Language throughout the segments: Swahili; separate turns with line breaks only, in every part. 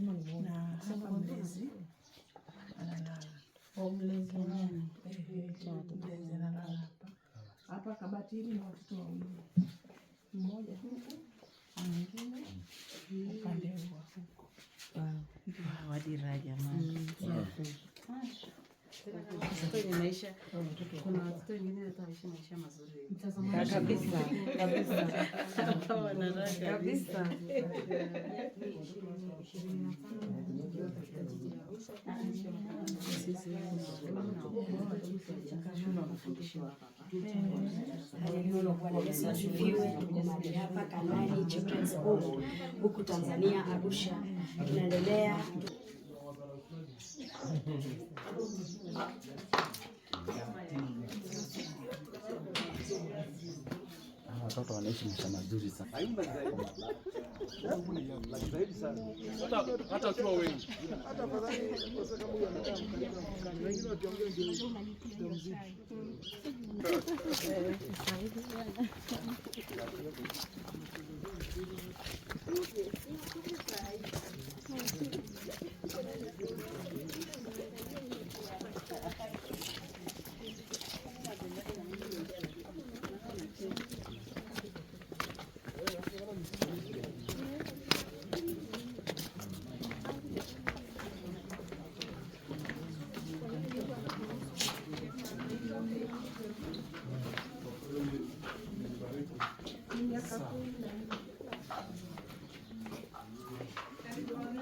na hapa mlezi mlezi hapa. Kabati hili na watoto wawili
kabisa kabisa kabisa.
Asifiwe. hapa Kanani Children's Home huku Tanzania, Arusha, tunaendelea
watoto wanaishi maisha mazuri sana.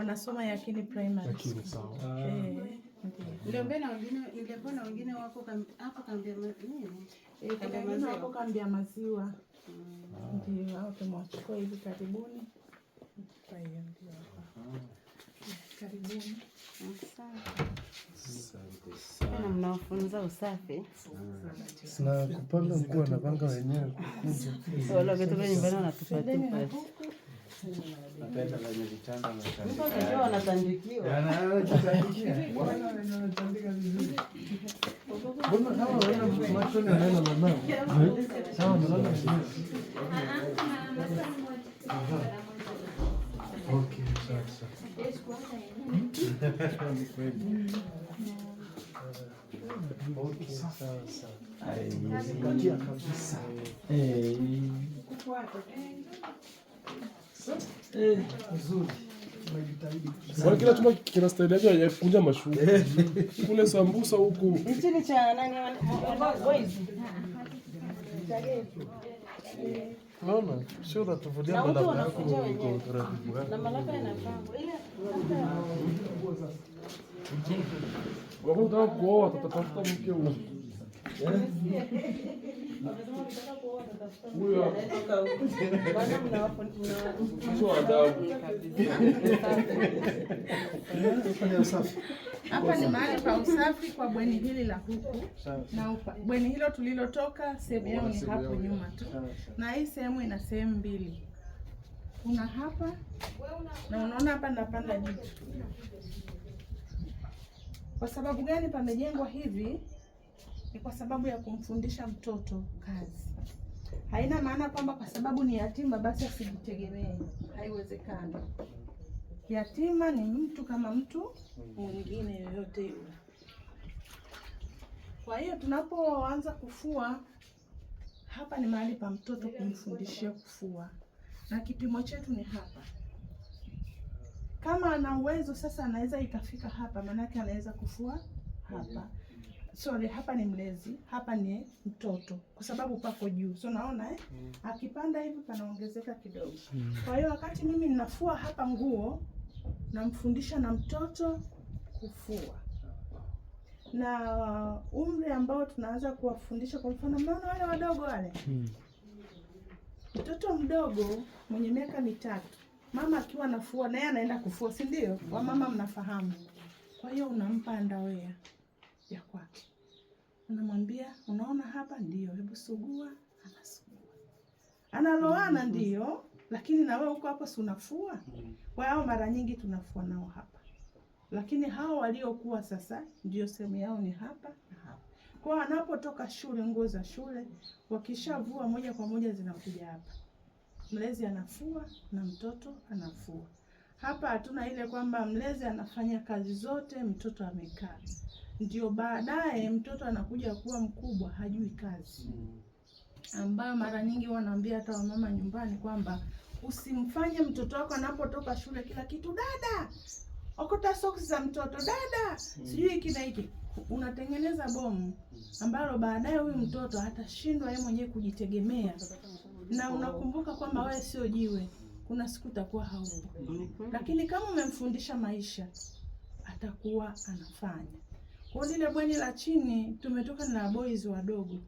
wanasoma Yakini Primary.
Yakini sawa.
Eh, ah. Ndio wengine wako hapo eh, Kambia Maziwa, ah. ndio hao tumewachukua hivi karibuni. Karibuni.
Mnaofunza usafi
na kupanga nguo, wanapanga wenyewe,
wala wakitoka nyumbani wanatupatupa
vamos wenye vitanda
wanatandikiwa.
Wanatandika
vizuri.
Mbona hawa wana machoni wanaenda mamao? Sawa mlala vamos Okay, sawa sawa. Nzuri. Maana kila chumba kina staili yake ya kukunja mashuka. Eh. Kule sambusa huku.
Nchini cha nani?
Naona, sio unatuvulia
bala yako uko rafiki. Na malapa yanapangwa. Ile
Wakati unataka kuoa utatafuta mke huyo. Eh? Eh.
Hapa ni mahali pa usafi kwa bweni hili la huku na bweni hilo tulilotoka, sehemu yao ni hapo nyuma tu, na hii sehemu ina sehemu mbili kuna hapa na unaona hapa napanda juu. Kwa sababu gani pamejengwa hivi? ni kwa sababu ya kumfundisha mtoto kazi. Haina maana kwamba kwa sababu ni yatima basi asijitegemee, haiwezekani. Yatima ni mtu kama mtu mwingine yoyote yule. Kwa hiyo tunapoanza kufua hapa ni mahali pa mtoto kumfundishia kufua, na kipimo chetu ni hapa. Kama ana uwezo sasa, anaweza ikafika hapa, maanake anaweza kufua hapa sorry, hapa ni mlezi, hapa ni mtoto, kwa sababu pako juu, so naona eh? Mm. Akipanda hivi panaongezeka kidogo mm. Kwa hiyo wakati mimi ninafua hapa nguo, namfundisha na mtoto kufua na umri ambao tunaanza kuwafundisha, kwa mfano, mnaona wale wadogo wale mm. Mtoto mdogo mwenye miaka mitatu, mama akiwa nafua na yeye anaenda kufua, si ndio? Wa mama mnafahamu. Kwa hiyo unampa ndawea ya kwake. Anamwambia, unaona hapa, ndio, hebu sugua. Anasugua, analoana, mm-hmm. ndio, lakini na wewe uko hapa, si unafua. Mm-hmm. Kwa hiyo mara nyingi tunafua nao hapa, lakini hao waliokuwa sasa ndio sehemu yao ni hapa na hapa. Kwa anapotoka shule, nguo za shule wakishavua, moja kwa moja zinakuja hapa, mlezi anafua na mtoto anafua hapa. Hatuna ile kwamba mlezi anafanya kazi zote, mtoto amekaa ndio baadaye mtoto anakuja kuwa mkubwa hajui kazi mm. ambayo mara nyingi wanaambia hata wamama nyumbani kwamba usimfanye mtoto wako anapotoka shule kila kitu dada, okota soksi za mtoto dada, sijui kina hiki. Unatengeneza bomu ambalo baadaye huyu mtoto atashindwa yeye mwenyewe kujitegemea, na unakumbuka kwamba wewe sio jiwe, kuna siku utakuwa haupo. Lakini kama umemfundisha maisha, atakuwa anafanya kwa lile bweni la chini tumetoka na boys wadogo,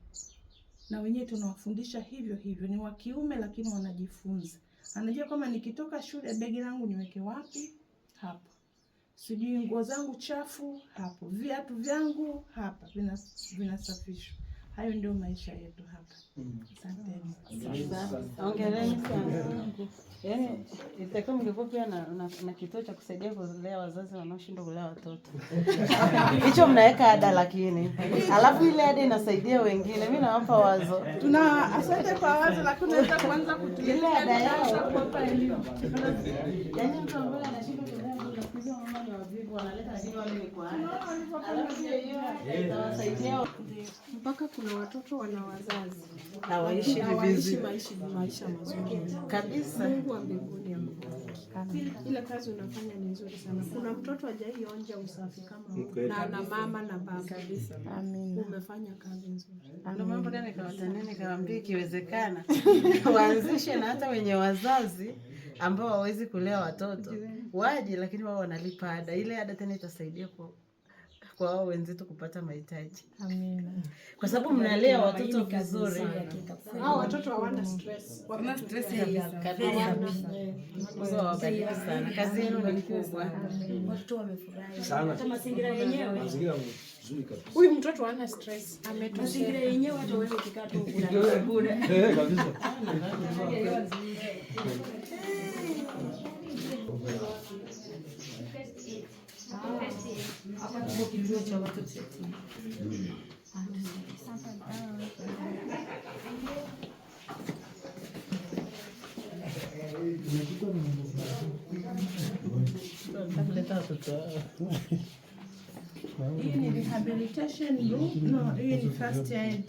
na wenyewe tunawafundisha hivyo hivyo, ni wa kiume lakini wanajifunza. Anajua kama nikitoka shule begi langu niweke wapi? hapo Sijui nguo zangu chafu hapo, viatu vyangu hapa, vinasafishwa. Hayo ndio maisha yetu hapa. Asanteni
sana, ongeleni sana. Yaani itakiwa mlikuwa pia na, na, na kituo cha kusaidia kulea wazazi wanaoshindwa kulea watoto hicho mnaweka ada, lakini alafu ile ada inasaidia wengine. Mi nawapa wazo,
tuna asante kwa wazo, lakini unaweza
kutulia ada yao,
mpaka kuna watoto wana wazazi
hawaishi maisha mazuri
kabisa. Mungu wa mbinguni ambariki. Ile kazi unafanya ni nzuri sana. Kuna mtoto hajaionja usafi kama na na mama na baba kabisa. Amen. Umefanya kazi nzuri.
Ndio mambo gani kawatanene, kawaambia ikiwezekana waanzishe na hata wenye wazazi ambao hawawezi kulea watoto waje, lakini wao wanalipa ada. Ile ada tena itasaidia kwa kwa wao wenzetu kupata mahitaji. Amina. Kwa sababu mnalea watoto vizuri.
Hao watoto hawana stress.
Hawana stress kabisa. sana. Kazi yenu ni kubwa.
Watoto wamefurahi. Hata mazingira yenyewe. Mazingira Huyu mtoto hana stress, ametosheka yenyewe, hata wewe ukikaa
kabisa.
Ah, hii ni rehabilitation room. No, hii ni first aid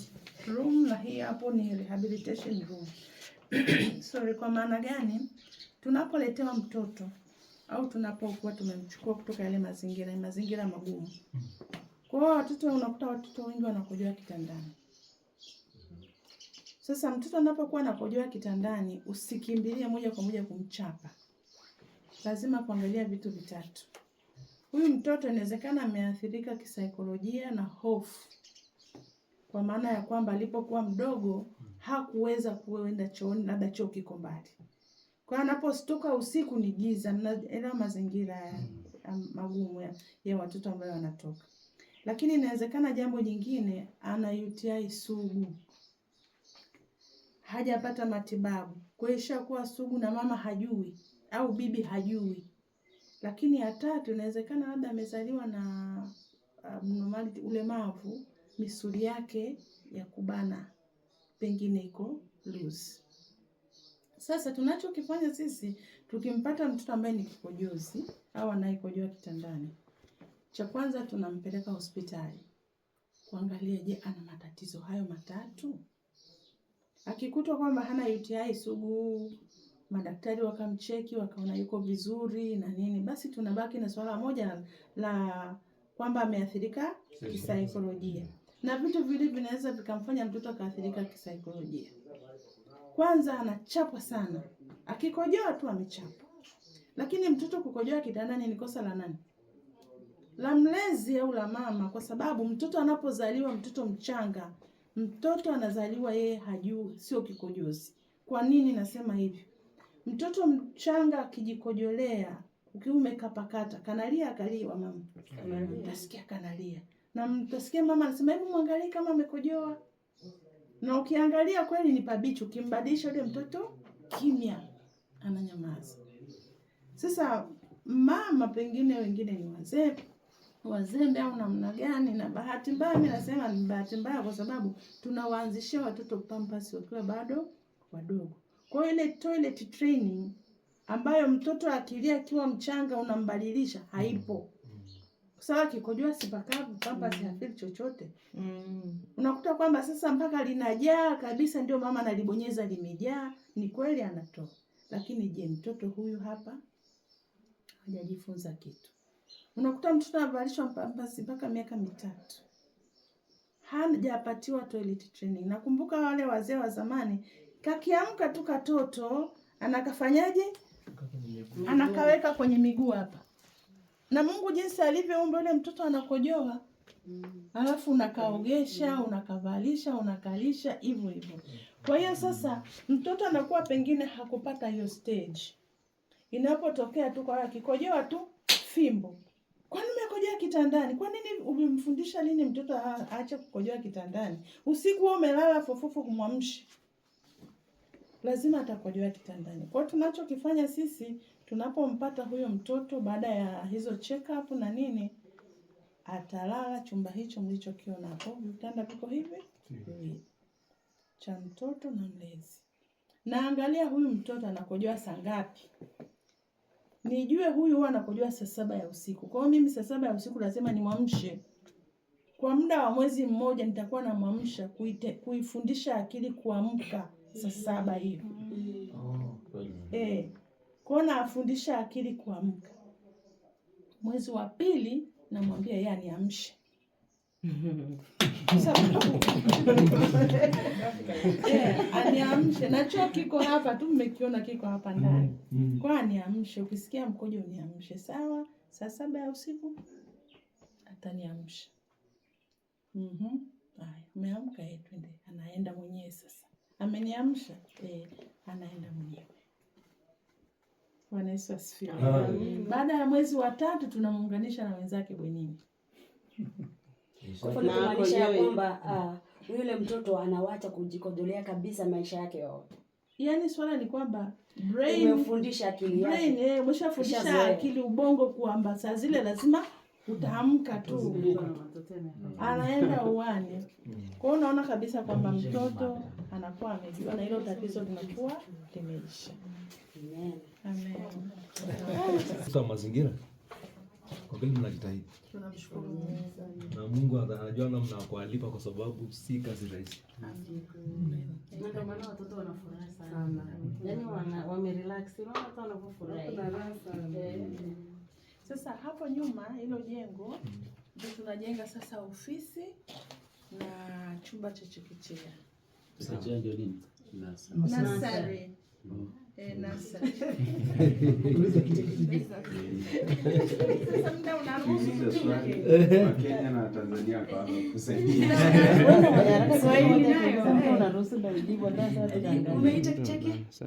room na hii hapo ni rehabilitation room. Sorry, kwa maana gani? Tunapoletewa mtoto au tunapokuwa tumemchukua kutoka yale mazingira, mazingira magumu. Kwa hiyo watoto, unakuta watoto wengi wanakojoa kitandani. Sasa mtoto anapokuwa anakojoa kitandani, usikimbilie moja kwa moja kumchapa, lazima kuangalia vitu vitatu. Huyu mtoto inawezekana ameathirika kisaikolojia na hofu, kwa maana ya kwamba alipokuwa mdogo hakuweza kuenda chooni, labda choo kiko mbali, kwa hiyo usiku ni giza, naelewa mazingira magumu ya, ya watoto ambayo wanatoka. Lakini inawezekana jambo jingine, ana UTI sugu hajapata matibabu, kwa hiyo ishakuwa sugu na mama hajui au bibi hajui lakini ya tatu inawezekana labda amezaliwa na abnormality, um, ulemavu, misuli yake ya kubana pengine iko loose. Sasa tunachokifanya sisi tukimpata mtoto ambaye ni kikojozi au anayekojoa kitandani, cha kwanza tunampeleka hospitali kuangalia, je, ana matatizo hayo matatu. Akikutwa kwamba hana UTI sugu, madaktari wakamcheki, wakaona yuko vizuri na nini, basi tunabaki na swala moja la kwamba ameathirika kisaikolojia, na vitu vile vinaweza vikamfanya mtoto akaathirika kisaikolojia. Kwanza anachapwa sana, akikojoa tu amechapwa. Lakini mtoto kukojoa kitandani ni kosa la nani? La mlezi au la mama? Kwa sababu mtoto anapozaliwa, mtoto mchanga, mtoto anazaliwa yeye hajui, sio kikojozi. Kwa nini nasema hivyo? Mtoto mchanga akijikojolea ukiwa umekapakata kanalia, akaliwa mama, mtasikia kanalia na mtasikia mama anasema hebu mwangalie kama amekojoa, na ukiangalia kweli ni pabichi, ukimbadilisha yule mtoto kimya, ananyamaza. Sasa mama pengine wengine ni wazee wazembe au namna gani, na bahati mbaya, mimi nasema ni bahati mbaya, kwa sababu tunawaanzishia watoto pampas wakiwa bado wadogo. Kwa hiyo ile toilet training ambayo mtoto akilia akiwa mchanga unambadilisha mm. haipo. Mm. Sawa, kikojoa sipakavu papa mm. siafiri chochote
mm.
unakuta kwamba sasa mpaka linajaa kabisa, ndio mama nalibonyeza limejaa. Ni kweli anatoa, lakini je, mtoto huyu hapa hajajifunza kitu. Unakuta mtoto anavalishwa pampasi mpaka miaka mitatu hajapatiwa toilet training. Nakumbuka wale wazee wa zamani kakiamka tu katoto anakafanyaje? Anakaweka kwenye miguu hapa, na Mungu jinsi alivyoumba yule mtoto anakojoa alafu unakaogesha unakavalisha unakalisha hivyo hivyo. Kwa hiyo sasa mtoto anakuwa pengine hakupata hiyo stage, inapotokea tu kwa kikojoa tu fimbo, Kwa nini umekojea kitandani? Kwa nini umemfundisha lini mtoto aache kukojoa kitandani? Usiku wewe umelala fofufu kumwamsha lazima atakojoa kitandani. Kwa hiyo tunachokifanya sisi tunapompata huyo mtoto baada ya hizo check up na nini, atalala chumba hicho mlichokiona hapo, vitanda tuko hivi hmm, cha mtoto na mlezi. Naangalia huyu mtoto anakojoa saa ngapi, nijue huyu huwa anakojoa saa saba ya usiku. Kwa hiyo mimi saa saba ya usiku lazima nimwamshe kwa muda wa mwezi mmoja nitakuwa namwamsha kuifundisha akili kuamka saa saba hivi oh, eh, kwao afundisha akili kuamka. Mwezi wa pili namwambia yeye aniamshe yeah, aniamshe na kiko hapa tu, mmekiona kiko hapa ndani mm, mm. Kwa aniamshe, ukisikia mkojo uniamshe, sawa. Saa saba ya usiku ataniamsha. mm -hmm. Haya, umeamka, twende. Anaenda mwenyewe sasa ameniamsha eh, anaenda mwenyewe. Bwana Yesu asifiwe. Baada ya mwezi wa tatu tunamuunganisha na wenzake bwenini.
Kumaanisha ya kwamba uh, yule mtoto anawacha kujikodolea kabisa maisha yake yote.
Yaani swala ni kwamba brain
umefundisha akili yake.
Brain eh, umeshafundisha akili ubongo kwamba saa zile lazima utaamka tu. Anaenda uwani. Kwa hiyo unaona kabisa kwamba mtoto anakuwa amejua na hilo tatizo linakuwa limeisha. Amen.
Amen. mazingira kwa kweli mnajitahidi, na Mungu anajua namna ya kuwalipa kwa sababu si kazi rahisi.
Yaani
sasa hapo nyuma hilo jengo ndio tunajenga sasa ofisi na chumba cha chekechea.
Sa, j a sa,
sa, n sa, i Eh, mm.
Wakenya na Tanzania kwa kusaidia.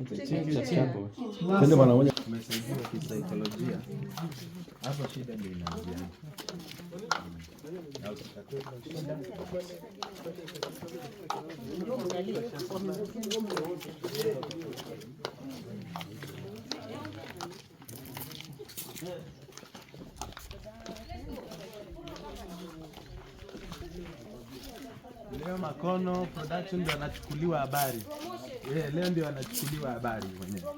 Tumesaidia kisaikolojia. Hapo shida ndio inaanzia. Leo Makono Production ndio anachukuliwa habari yeah, leo ndio anachukuliwa habari mwenyewe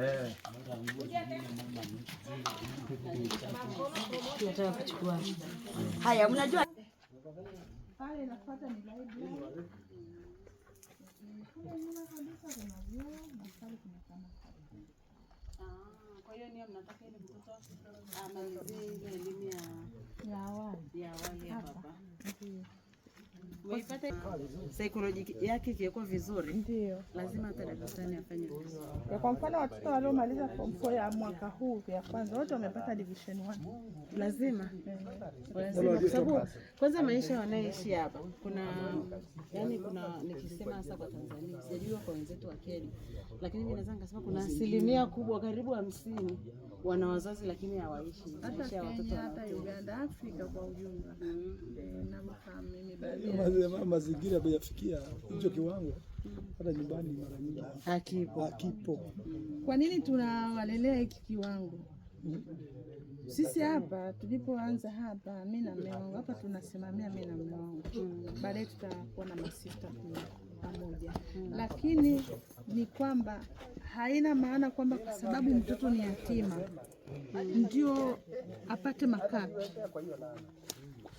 eh.
Haya, mnajua pale nafuata ni live Ah, kwa hiyo niyo mnataka ili mtoto amalizie ile elimu ya awali ya baba
uipate saikolojia yake ikiwekwa vizuri, ndio lazima hata darasani afanye vizuri.
Kwa mfano watoto waliomaliza form 4 ya mwaka huu ya kwanza wote wamepata division 1, lazima
lazima, kwa sababu kwanza maisha wanaishi hapa, kuna yani, kuna nikisema hasa kwa Tanzania, sijajua kwa wenzetu wa Kenya, lakini mimi naweza nikasema kuna asilimia kubwa karibu hamsini wana wazazi lakini hawaishi
hata Kenya, hata Uganda, Afrika kwa ujumla. Mm.
Eh, mazingira yameyafikia hicho kiwango, hata nyumbani mara nyingi hakipo. Hakipo.
Kwa nini tunawalelea hiki kiwango? Hmm? Sisi hapa tulipoanza hapa, mi na mume wangu hapa tunasimamia mi na mume wangu, baadaye tutakuwa na masista pamoja, lakini ni kwamba haina maana kwamba kwa sababu mtoto ni yatima ndio apate makapi.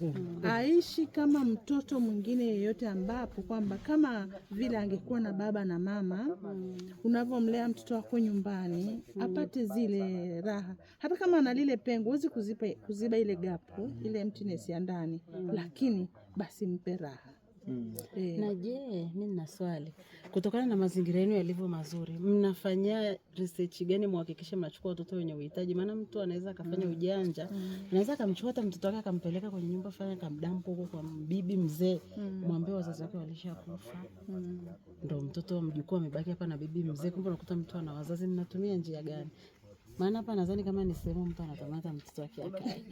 Mm. aishi kama mtoto mwingine yeyote, ambapo kwamba kama vile angekuwa na baba na mama, mm. unavyomlea mtoto wako nyumbani mm. apate zile raha, hata kama ana lile pengo, huwezi kuziba ile gapu, ile emptiness ya ndani, lakini basi mpe raha.
Mm.
Na je, mi na swali, kutokana na mazingira yenu yalivyo mazuri, mnafanyia research gani muhakikishe mnachukua watoto wenye uhitaji? Maana mtu anaweza akafanya mm. ujanja, mm. anaweza akamchukua hata mtoto wake akampeleka kwenye nyumba fanya akamdampa huko kwa bibi mzee, mwambie wazazi wake walishakufa, ndo mtoto wa mjukuu amebaki hapa na bibi mzee. Kumbe unakuta mtu ana wazazi. Mnatumia njia gani? maana hapa nadhani kama ni sehemu mtu anatamata mtoto wake akae.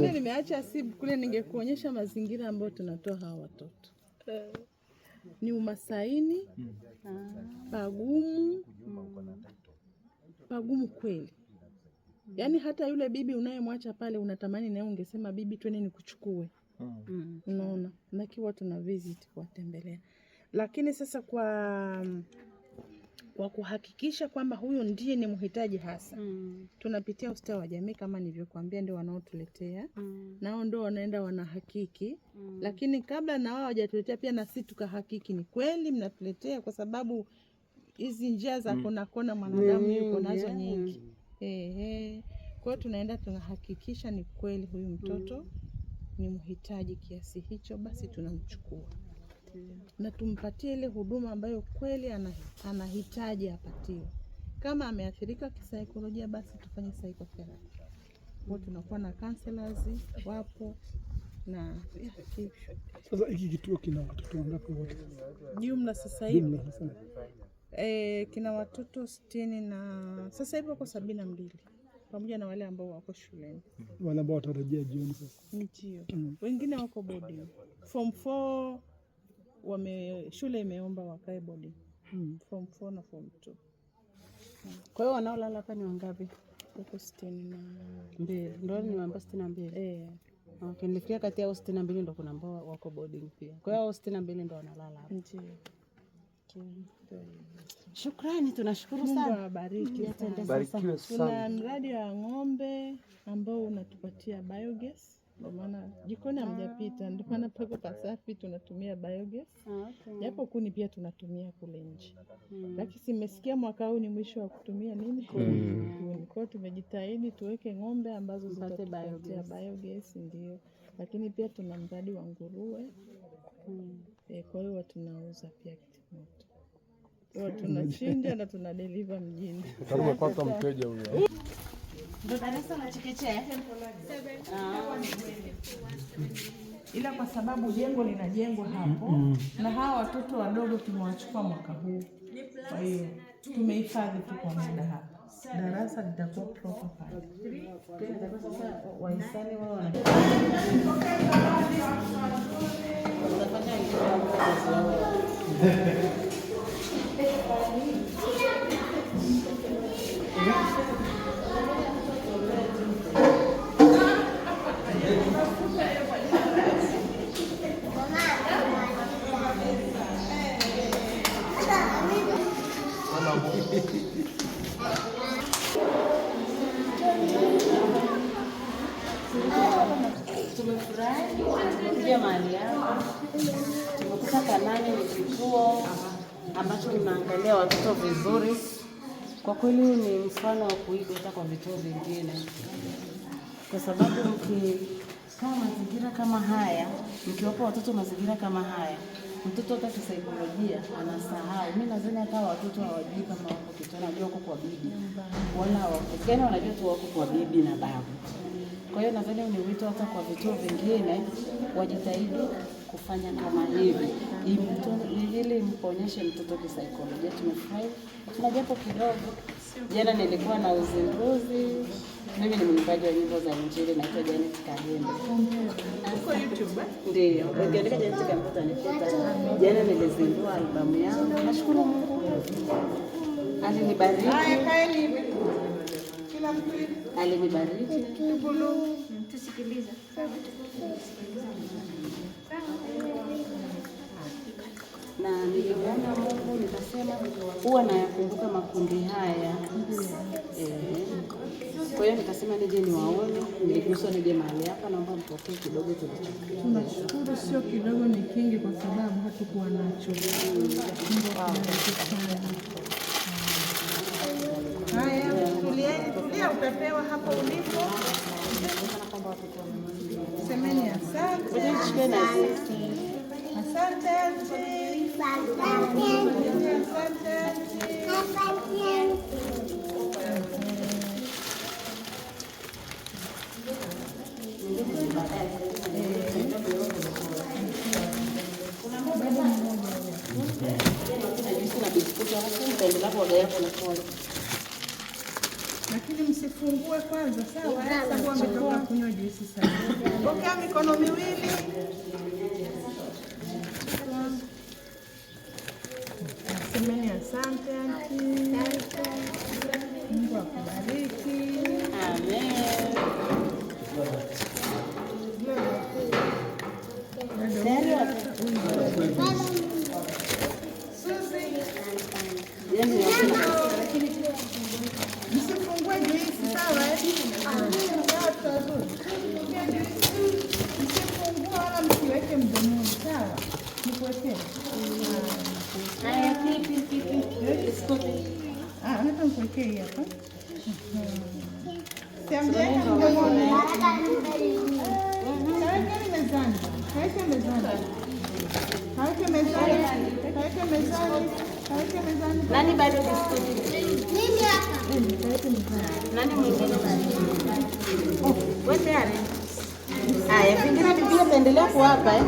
Eh, nimeacha sibu kule, ningekuonyesha mazingira ambayo tunatoa hawa watoto ni umasaini pagumu, pagumu kweli. Yaani hata yule bibi unayemwacha pale unatamani naye ungesema bibi, twende nikuchukue.
Mm.
Unaona, nakiwa tuna visit kuwatembelea, lakini sasa kwa kwa kuhakikisha kwamba huyu ndiye ni mhitaji hasa mm. Tunapitia ustawi wa jamii kama nilivyokuambia, ndio wanaotuletea mm. Nao ndio wanaenda wanahakiki mm. Lakini kabla na wao hawajatuletea pia na sisi tukahakiki, ni kweli mnatuletea, kwa sababu hizi njia za mm. kona kona mwanadamu mm. yuko nazo yeah. nyingi mm. kwa hiyo tunaenda tunahakikisha ni kweli huyu mtoto mm. ni mhitaji kiasi hicho, basi tunamchukua na tumpatie ile huduma ambayo kweli anahitaji apatiwe. Kama ameathirika kisaikolojia, basi tufanye psychotherapy. Kwa tunakuwa na counselors wapo na
sasa. Hiki kituo kina watoto wangapi wote
jumla sasa hivi? E, kina watoto sitini na sasa hivi wako sabini na mbili pamoja na wale ambao wako shuleni,
wale ambao watarejea jioni sasa,
ndio mm. wengine wako boarding form 4 wame shule imeomba wakae boarding mm. form 4 na form 2
mm. Kwa hiyo wanaolala hapa ni wangapi?
Huko sitini na
mbili ndio nimeamba sitini na mbili eh. Okay, nilifikia kati ya sitini na mbili ndio kuna ambao wako boarding pia. Kwa hiyo sitini na mbili ndio wanalala hapa. Ndio. Shukrani, tunashukuru
sana. Barikiwe
sana.
Tuna mradi wa ng'ombe ambao unatupatia biogas ndio maana jikoni hamjapita, ndio maana pako pasafi, tunatumia biogas ah, japo kuni pia tunatumia kule nje, hmm. lakini simesikia mwaka huu ni mwisho wa kutumia nini hmm. kuni. Kwao tumejitahidi tuweke ng'ombe ambazo zitatupatia biogas, ndio lakini pia tuna mradi wa nguruwe hmm. e, kwa hiyo tunauza pia kitimoto tunachinja na deliver mjini.
Umepata mteja huyo.
Ndio darasa la chekechea, ah. ila kwa sababu jengo linajengwa hapo mm -hmm. na hawa watoto wadogo tumewachukua mwaka huu, kwa hiyo tumehifadhi tu kwa muda hapa. Darasa litakuwa proper pale. Wahisani wao
ambacho kinaangalia watoto vizuri. Kwa kweli ni mfano wa kuiga hata kwa vituo vingine, kwa sababu mkikaa mazingira kama haya, mkiwapa watoto mazingira kama haya, mtoto hata kisaikolojia anasahau. Mimi nadhani hata watoto hawajui kama wako kitana, wanajua wako kwa bibi wala wako yaani wanajua tu wako kwa bibi na babu. Kwa hiyo nadhani ni wito hata kwa vituo vingine wajitahidi kufanya kama hivi ili mponyeshe mtoto kisaikolojia. Tumefurahi, tuna japo kidogo. Jana nilikuwa na uzinduzi. Mimi ni mwimbaji wa nyimbo za Injili, naitwa Janet Kagembe. Ndio ukiandika Janet Kagembe utanikuta. Jana nilizindua albamu yangu, nashukuru Mungu alinibariki alinibariki. Tusikiliza na niliomba Mungu nikasema huwa nayakumbuka makundi haya eh. Kwa hiyo nikasema nije niwaone, niliguswa nije mahali hapa, naomba mpokee kidogo kilicho.
Tunashukuru, sio kidogo, ni kingi, kwa sababu hatukuwa nacho. Haya, tulieni, tulia, utapewa hapo ulipo. semelhança.
Assaltante.
Assaltante. Assaltante. Una biscuita, un pelo, lakini msifungue kwanza, sawa? Sababu ametoka kunywa juisi sana. Pokea mikono miwili semeni asante auntie.
Nani bado biskuti?
Mimi hapa.
Nani mwingine? Oh, wewe tayari? Haya, vingine vingine tuendelea kuwapa eh.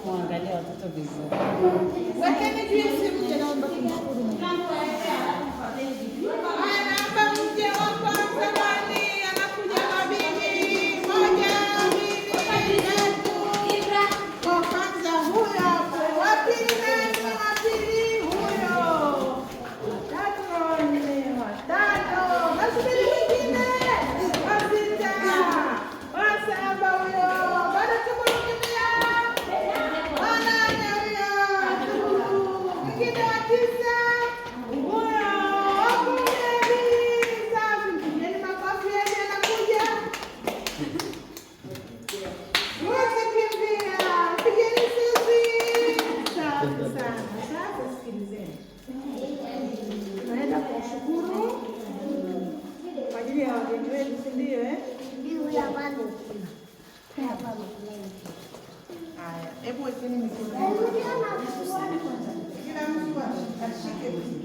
kumwangalia watoto vizuri.
à simu
kuvvetlenin üzerine. Ben hocam,
ben su var. Giren su var. Her şey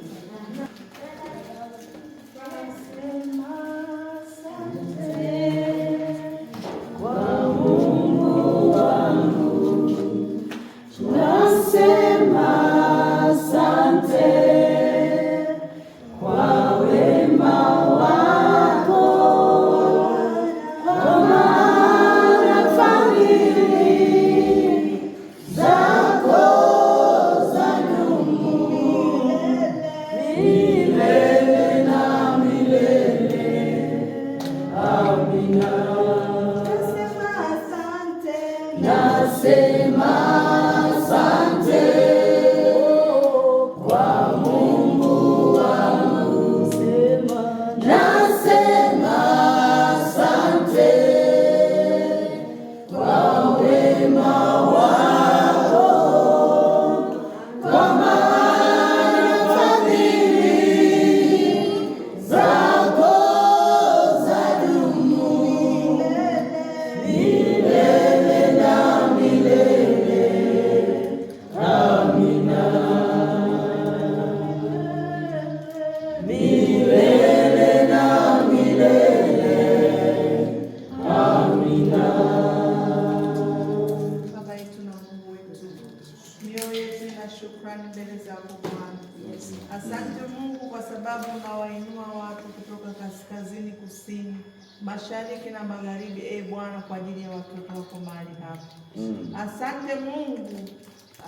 e Bwana kwa ajili ya watoto wako mahali hapa mm. Asante Mungu,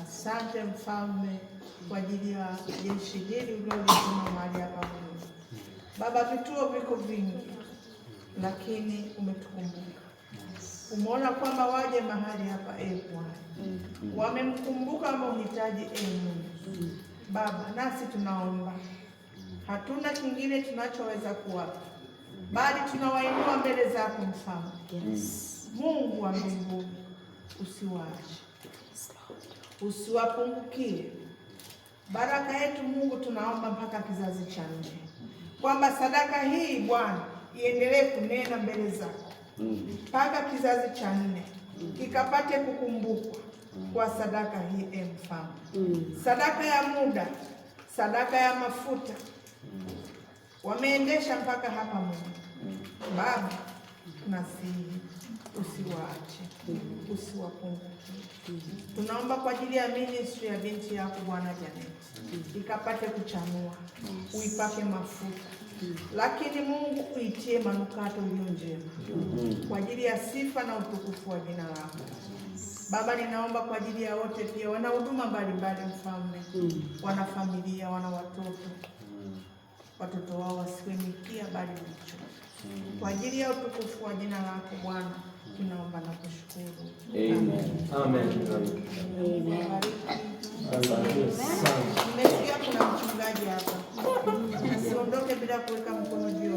asante mfalme kwa ajili ya jeshi hili uliolituma mahali hapa Mungu. Baba, vituo viko vingi, lakini umetukumbuka, umeona kwamba waje mahali hapa e Bwana mm. Wamemkumbuka mahitaji e ee Mungu mm. Baba, nasi tunaomba, hatuna kingine tunachoweza kuwapa bali tunawainua mbele zako Mfalme. Mungu wa mbinguni, usiwaache, usiwapungukie baraka yetu Mungu, tunaomba mpaka kizazi cha nne, kwamba sadaka hii Bwana iendelee kunena mbele zako mpaka kizazi cha nne kikapate kukumbukwa kwa sadaka hii, e Mfalme, mm. sadaka ya muda, sadaka ya mafuta wameendesha mpaka hapa. Mungu Baba, tunasihi usiwaache, usiwapunguke. Tunaomba kwa ajili ya ministry ya binti yako Bwana janeti ikapate kuchanua, uipake mafuta lakini Mungu uitie manukato ulio njema kwa ajili ya sifa na utukufu wa jina lako Baba. Ninaomba kwa ajili ya wote pia wana huduma mbalimbali, Mfalme, wana familia, wana watoto watoto wao wasiwe mikia bali macho. Mm-hmm. Kwa ajili ya utukufu wa jina lako Bwana tunaomba na kushukuru. Nimesikia kuna mchungaji hapa, asiondoke bila kuweka mkono juu ya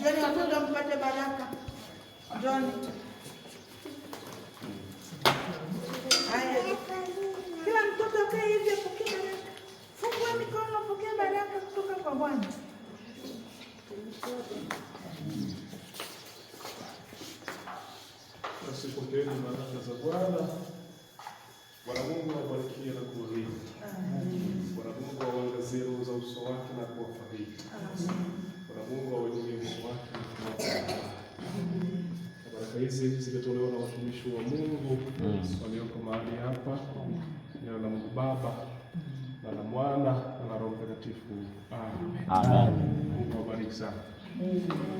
Njoni watoto mpate baraka. Njoni haya, kila mtoto kae hivi, apokee baraka. Fungua mikono, apokee baraka kutoka kwa Bwana.
Basi pokeeni baraka za Bwana. Bwana Mungu awabarikie na kuwalinda. Bwana Mungu awaangazie nuru za uso wake na kuwafariji. Bwana Mungu awainue sadaka hizi zilitolewa na watumishi wa Mungu mm. walioko mahali hapa, neno la Mungu Baba na la Mwana na la Roho Mtakatifu. Amen. Mungu awabariki sana.